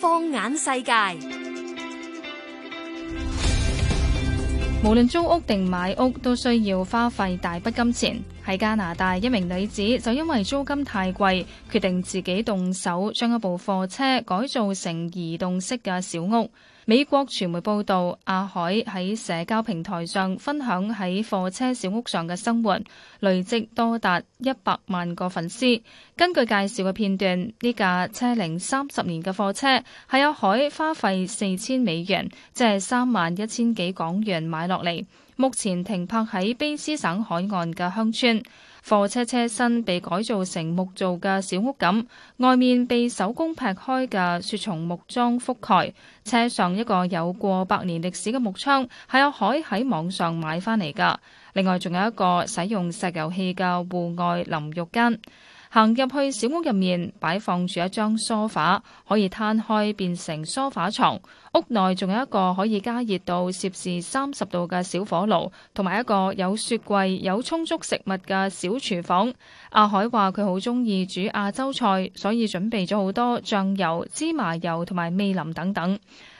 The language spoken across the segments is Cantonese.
放眼世界，無論租屋定買屋，都需要花費大筆金錢。喺加拿大，一名女子就因為租金太貴決定自己動手將一部貨車改造成移動式嘅小屋。美國傳媒報道阿海喺社交平台上分享喺貨車小屋上嘅生活，累積多達一百萬個粉絲，根據介紹嘅片段，呢架車齡三十年嘅貨車係阿海花費四千美元，即係三萬一千幾港元買落嚟。目前停泊喺卑斯省海岸嘅鄉村，貨車車身被改造成木造嘅小屋咁，外面被手工劈開嘅雪松木樁覆蓋。車上一個有過百年歷史嘅木窗係有海喺網上買翻嚟噶。另外仲有一個使用石油氣嘅戶外淋浴間。行入去小屋入面，擺放住一張梳化，可以攤開變成梳化床。屋內仲有一個可以加熱到攝氏三十度嘅小火爐，同埋一個有雪櫃、有充足食物嘅小廚房。阿海話佢好中意煮亞洲菜，所以準備咗好多醬油、芝麻油同埋味淋等等。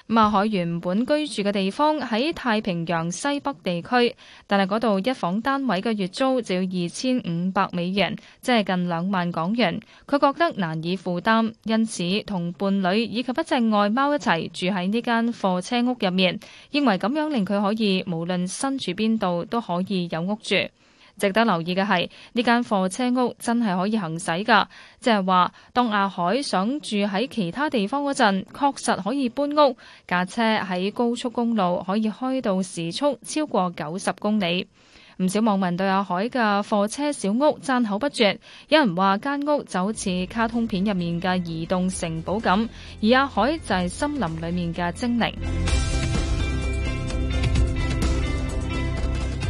馬海原本居住嘅地方喺太平洋西北地區，但係嗰度一房單位嘅月租就要二千五百美元，即係近兩萬港元。佢覺得難以負擔，因此同伴侶以及一隻外貓一齊住喺呢間貨車屋入面，認為咁樣令佢可以無論身處邊度都可以有屋住。值得留意嘅係，呢間貨車屋真係可以行駛噶，即係話當阿海想住喺其他地方嗰陣，確實可以搬屋。架車喺高速公路可以開到時速超過九十公里。唔少網民對阿海嘅貨車小屋讚口不絕，有人話間屋就好似卡通片入面嘅移動城堡咁，而阿海就係森林裏面嘅精靈。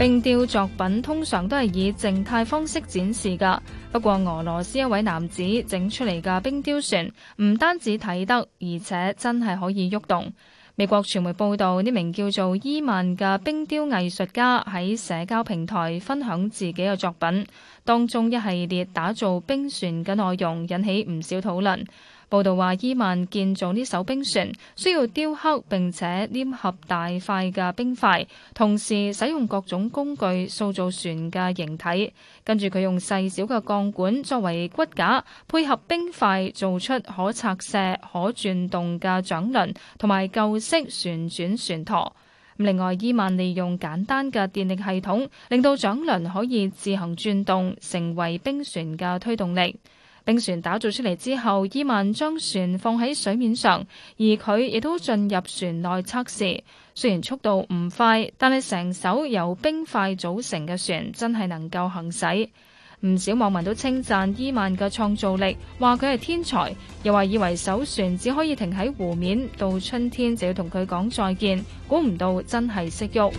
冰雕作品通常都係以靜態方式展示噶，不過俄羅斯一位男子整出嚟嘅冰雕船唔單止睇得，而且真係可以喐動動。美國傳媒報道，呢名叫做伊曼嘅冰雕藝術家喺社交平台分享自己嘅作品，當中一系列打造冰船嘅內容引起唔少討論。報道話，伊曼建造呢艘冰船需要雕刻並且黏合大塊嘅冰塊，同時使用各種工具塑造船嘅形體。跟住佢用細小嘅鋼管作為骨架，配合冰塊做出可拆卸、可轉動嘅槳輪，同埋舊式旋轉船舵。另外，伊曼利用簡單嘅電力系統，令到槳輪可以自行轉動，成為冰船嘅推動力。冰船打造出嚟之後，伊曼將船放喺水面上，而佢亦都進入船內測試。雖然速度唔快，但係成艘由冰塊組成嘅船真係能夠行駛。唔少網民都稱讚伊曼嘅創造力，話佢係天才，又話以為艘船只可以停喺湖面，到春天就要同佢講再見。估唔到真係識喐。